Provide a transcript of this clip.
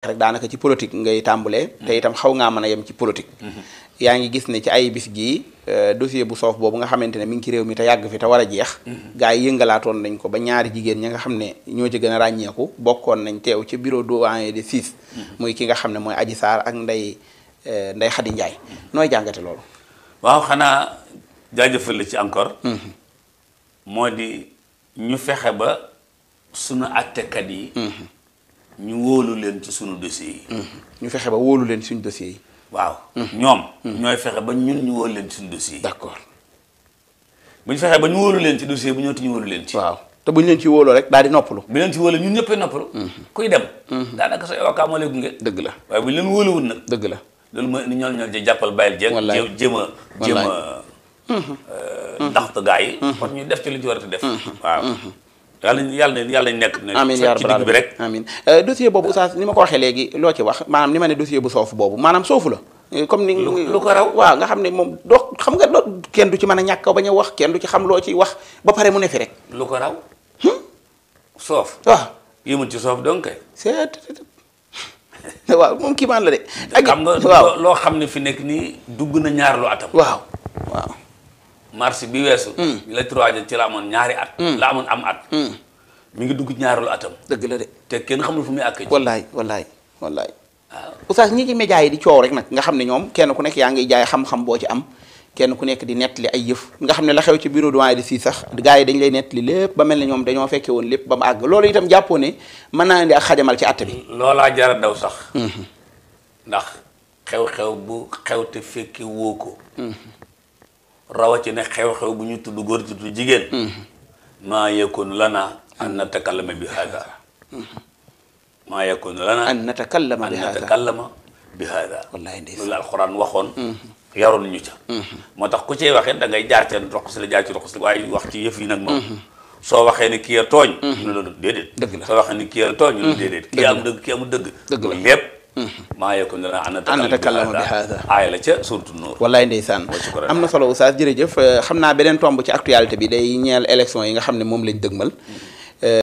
rek daanaka ci politique ngay tàmbulee te itam xaw ngaa mën a yem ci politique yaa ngi gis ne ci ay bis gii euh, dossier bu soof boobu nga xamante ne mi ngi ci réew mi te yàgg fi te war a jeex gars yi yëngalaatoon nañ ko ba ñaari jigéen ñi nga xam ne ñoo ci gën a ràññeeku bokkoon nañ teew ci bureau doyen des six muy ki nga xam ne mooy aji saar ak Ndeye euh, Ndeye Khady Ndiaye nooy jàngate loolu waaw xanaa jaajëfal la ci encore mm-hmm. moo di ñu fexe ba sunu attekat yi mm-hmm. ñu wóolu leen ci suñu dossier yi. Mhm. ñu fexe ba wóolu leen suñu dossier yi. waaw mhm. ñoom. Mhm. ñooy fexe ba ñun ñu wóolu leen ci suñu dossier yi. bu ñu fexe ba ñu wóolu leen ci dossier bu ñëwati ñu wóolu leen waaw te bu ñu leen ci wóoloo rek daal di noppalu. bu leen ci wóoloo ñun ñëppay noppalu. kuy dem. daanaka sa avocat moo lay gunge. dëgg la waaye bu ñu leen wóoluwul nag. dëgg la loolu mooy ni ñoom ñoo ci jàppal bàyyil jéem. wallaay jéem a jéem a. Euh, ndaxte gaa yi. kon ñu def ci li ñu ci war a def. waaw. yàlla yàlla na yàlla nekk na. amiin yaa rabbal bi rek. amiin euh, dossier boobu Oustaz ni ma ko waxee léegi loo ci wax maanaam ni ma ne dossier bu soofu boobu maanaam soofu la. Euh, comme ni lu ko raw waaw nga xam ne moom doo xam nga doo kenn du ci mën a ñàkk bañ a wax kenn du ci xam loo wax ba pare mu ne fi lu ko raw. Hmm? soof. waaw ah. ci soof donc kay. seet waaw moom kii maan la de. ak xam loo xam ne fi nekk nii dugg na ñaar lu atam. waaw waaw. mars bi weesu. Hmm. bi la trois ci la amoon ñaari at. Hmm. la amoon am at. mu hmm. ngi dugg ñaareelu atam. dëgg la de te kenn xamul fu muy àkk ji. wallaay wallaay wallaay. waaw oustaz ñi ci média yi di coow rek nag nga xam ne ñoom kenn ku nekk yaa ngi jaay xam-xam boo ci am kenn ku nekk di nettali ay yëf nga xam ne la xew ci bureau doyen de si sax gars yi dañ lay nettali lépp ba mel ne ñoom dañoo fekke woon lépp ba mu àgg loolu itam jàppoo ne mën naa indi ak xajamal ci àtt bi. loolaa jara daw sax. xew-xew bu xew te fekke woo ko. rawatina xew-xew bu ñu tudd góor tudd jigéen. Mm-hmm. maa yakunu lana an natakallama bi hada. Mm-hmm. maa yakunu lana an natakallama bi hada an natakallama bi hada. wallaay ndeysaan loolu alxuraan waxoon. Mm-hmm. yaroon ñu ca. moo tax ku cee waxee da ngay jaar ca roqus la jaar ci roqus la waaye wax ci yëf yi nag moom. soo waxee ne kii a tooñ. ñu ne la déedéet. dëgg la soo waxee ne kii a tooñ. ñu ne déedéet. kii am dëgg kii amul dëgg. dëgg la lépp. maa yakun lana an natakallama bi hada aaya la ca surtu nuur wallaay ndeysaan am na solo oustaz jërëjëf xam naa beneen tomb ci actualité bi day ñeel élection yi nga xam ne moom lañ dëgmal